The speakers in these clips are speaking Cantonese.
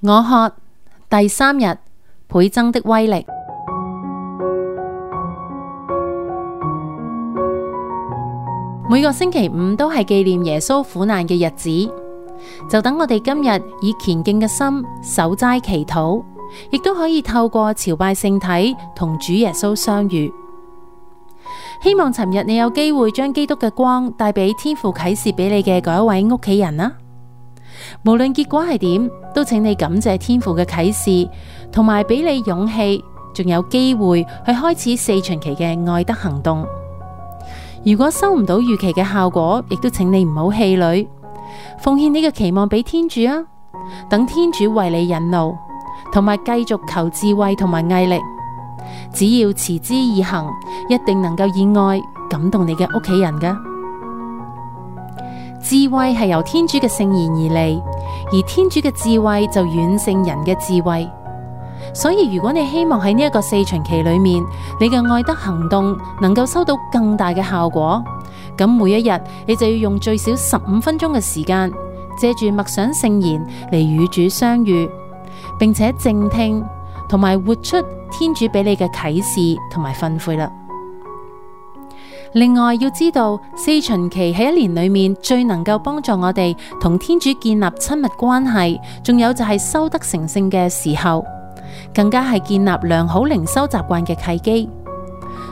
我渴第三日，倍增的威力。每個星期五都係紀念耶穌苦難嘅日子，就等我哋今日以虔敬嘅心守齋祈禱，亦都可以透過朝拜聖體同主耶穌相遇。希望尋日你有機會將基督嘅光帶俾天父啟示俾你嘅嗰一位屋企人啦。無論結果係點，都請你感謝天父嘅啟示，同埋俾你勇氣，仲有機會去開始四旬期嘅愛德行動。如果收唔到預期嘅效果，亦都請你唔好氣餒，奉獻你嘅期望俾天主啊，等天主為你引路，同埋繼續求智慧同埋毅力。只要持之以恆，一定能夠以愛感動你嘅屋企人嘅。智慧係由天主嘅聖言而嚟，而天主嘅智慧就遠勝人嘅智慧。所以，如果你希望喺呢一個四旬期裏面，你嘅愛德行動能夠收到更大嘅效果，咁每一日你就要用最少十五分鐘嘅時間，借住默想聖言嚟與主相遇，並且靜聽同埋活出天主俾你嘅啟示同埋訓誨啦。另外要知道，四旬期喺一年裏面最能夠幫助我哋同天主建立親密關係，仲有就係修德成聖嘅時候，更加係建立良好靈修習慣嘅契機。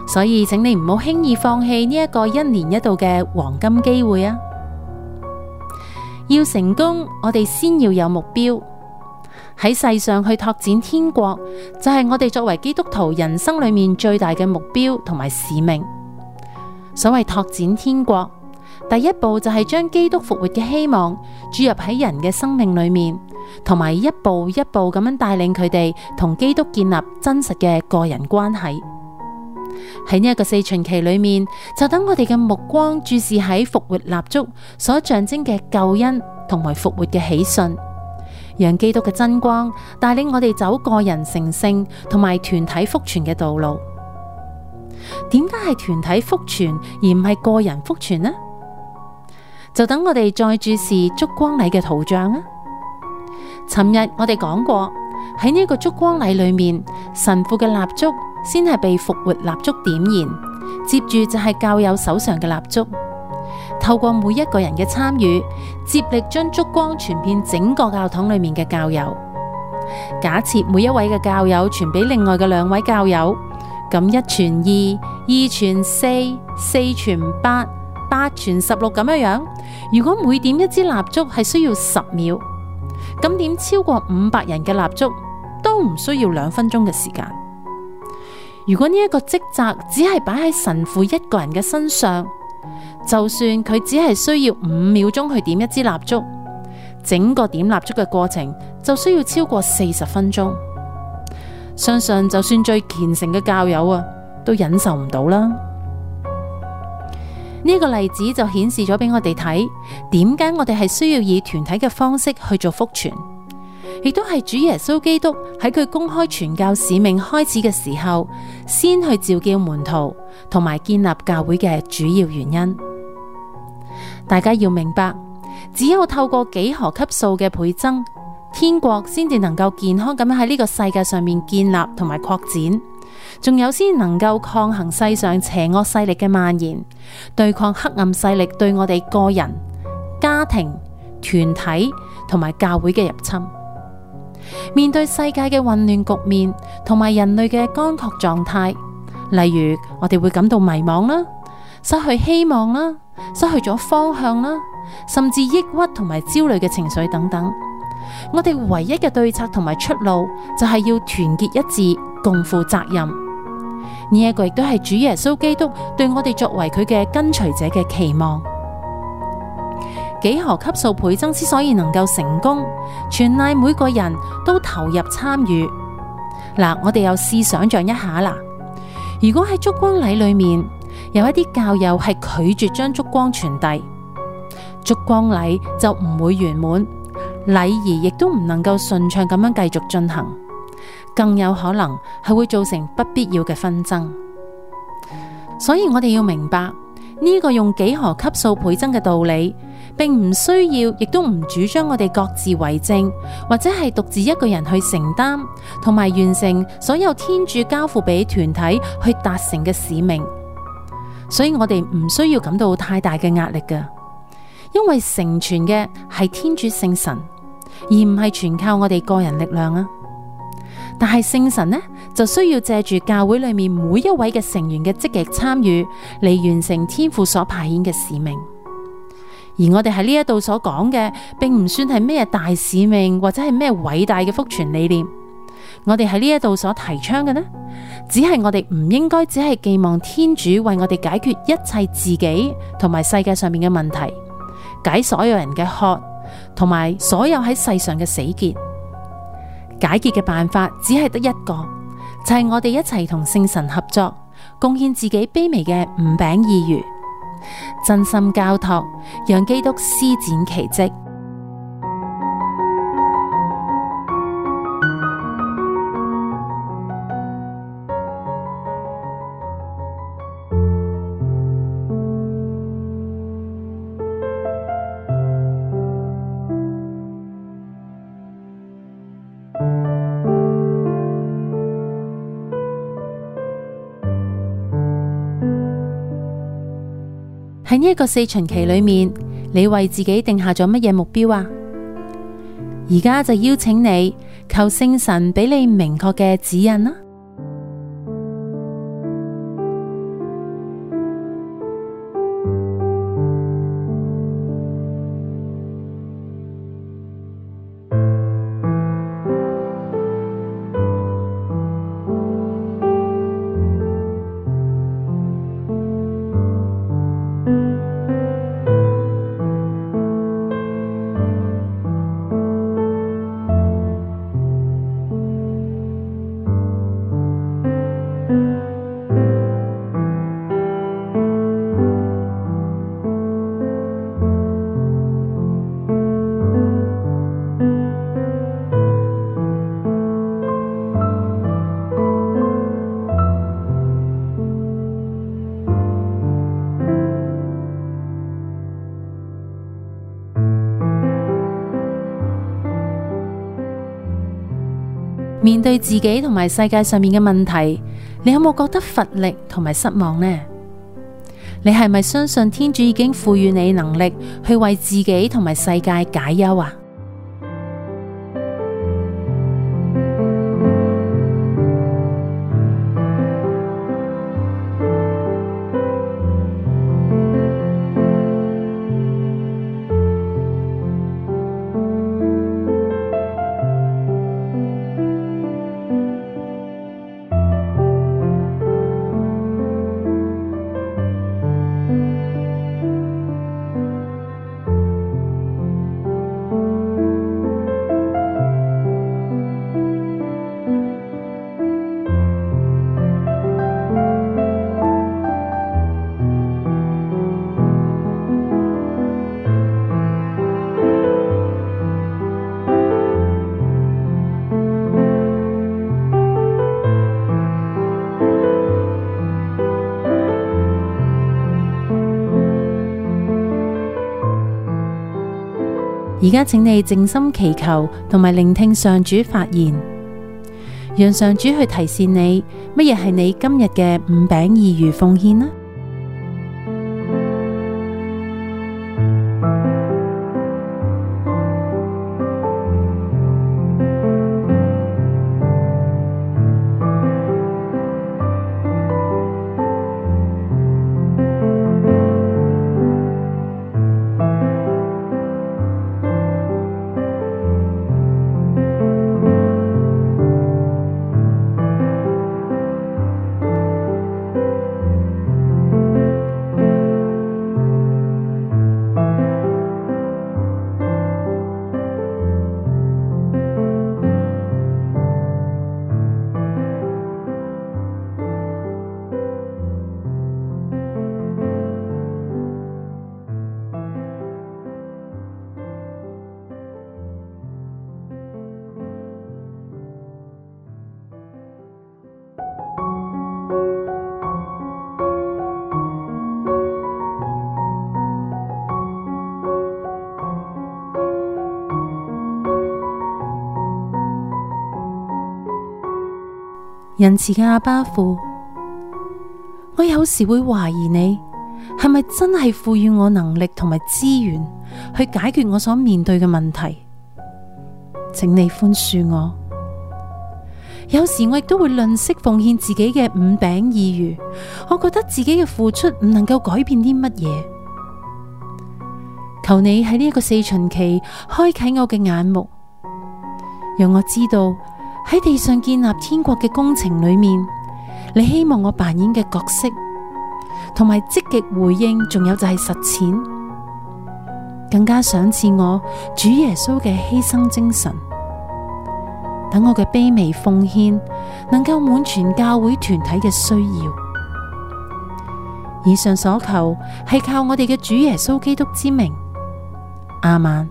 所以，請你唔好輕易放棄呢一個一年一度嘅黃金機會啊！要成功，我哋先要有目標，喺世上去拓展天國，就係我哋作為基督徒人生裏面最大嘅目標同埋使命。所謂拓展天國，第一步就係將基督復活嘅希望注入喺人嘅生命裏面，同埋一步一步咁樣帶領佢哋同基督建立真實嘅個人關係。喺呢一個四旬期裏面，就等我哋嘅目光注視喺復活蠟燭所象徵嘅救恩同埋復活嘅喜訊，讓基督嘅真光帶領我哋走個人成聖同埋團體福傳嘅道路。點解係團體福傳而唔係個人福傳呢？就等我哋再注視燭光禮嘅圖像啦。尋日我哋講過喺呢個燭光禮裏面，神父嘅蠟燭先係被復活蠟燭點燃，接住就係教友手上嘅蠟燭。透過每一個人嘅參與，接力將燭光傳遍整個教堂裏面嘅教友。假設每一位嘅教友傳俾另外嘅兩位教友。咁一傳二，二傳四，四傳八，八傳十六咁樣樣。如果每點一支蠟燭係需要十秒，咁點超過五百人嘅蠟燭都唔需要兩分鐘嘅時間。如果呢一個職責只係擺喺神父一個人嘅身上，就算佢只係需要五秒鐘去點一支蠟燭，整個點蠟燭嘅過程就需要超過四十分鐘。相信就算最虔誠嘅教友啊，都忍受唔到啦。呢個例子就顯示咗俾我哋睇，點解我哋係需要以團體嘅方式去做福傳，亦都係主耶穌基督喺佢公開傳教使命開始嘅時候，先去召叫門徒同埋建立教會嘅主要原因。大家要明白，只有透過幾何級數嘅倍增。天國先至能夠健康咁樣喺呢個世界上面建立同埋擴展，仲有先能夠抗衡世上邪惡勢力嘅蔓延，對抗黑暗勢力對我哋個人、家庭、團體同埋教會嘅入侵。面對世界嘅混亂局面同埋人類嘅乾涸狀態，例如我哋會感到迷惘啦，失去希望啦，失去咗方向啦，甚至抑鬱同埋焦慮嘅情緒等等。我哋唯一嘅對策同埋出路，就係要團結一致，共負責任。呢一個亦都係主耶穌基督對我哋作為佢嘅跟隨者嘅期望。幾何級數倍增之所以能夠成功，全賴每個人都投入參與。嗱，我哋又試想象一下啦，如果喺燭光禮裏面有一啲教友係拒絕將燭光傳遞，燭光禮就唔會圓滿。禮儀亦都唔能夠順暢咁樣繼續進行，更有可能係會造成不必要嘅紛爭。所以我哋要明白呢個用幾何級數倍增嘅道理，並唔需要，亦都唔主張我哋各自為政，或者係獨自一個人去承擔，同埋完成所有天主交付俾團體去達成嘅使命。所以我哋唔需要感到太大嘅壓力㗎，因為成全嘅係天主聖神。而唔係全靠我哋個人力量啊！但係聖神呢，就需要借住教會裏面每一位嘅成員嘅積極參與，嚟完成天父所派遣嘅使命。而我哋喺呢一度所講嘅，並唔算係咩大使命或者係咩偉大嘅福傳理念。我哋喺呢一度所提倡嘅呢，只係我哋唔應該只係寄望天主為我哋解決一切自己同埋世界上面嘅問題，解所有人嘅渴。同埋所有喺世上嘅死結，解決嘅辦法只係得一個，就係、是、我哋一齊同聖神合作，貢獻自己卑微嘅五餅二魚，真心交託，讓基督施展奇蹟。喺呢一個四旬期裏面，你為自己定下咗乜嘢目標啊？而家就邀請你求聖神俾你明確嘅指引啦。面對自己同埋世界上面嘅問題，你有冇覺得乏力同埋失望呢？你係咪相信天主已經賦予你能力去為自己同埋世界解憂啊？而家請你靜心祈求，同埋聆聽上主發言，讓上主去提示你，乜嘢係你今日嘅五餅二魚奉獻呢？仁慈嘅阿爸父，我有時會懷疑你係咪真係賦予我能力同埋資源去解決我所面對嘅問題，請你寬恕我。有時我亦都會吝惜奉獻自己嘅五餅二魚，我覺得自己嘅付出唔能夠改變啲乜嘢。求你喺呢一個四旬期開啟我嘅眼目，讓我知道。喺地上建立天國嘅工程裏面，你希望我扮演嘅角色，同埋積極回應，仲有就係實踐，更加賞賜我主耶穌嘅犧牲精神，等我嘅卑微奉獻能夠滿全教會團體嘅需要。以上所求係靠我哋嘅主耶穌基督之名，亞孟。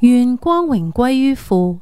願光榮歸於父。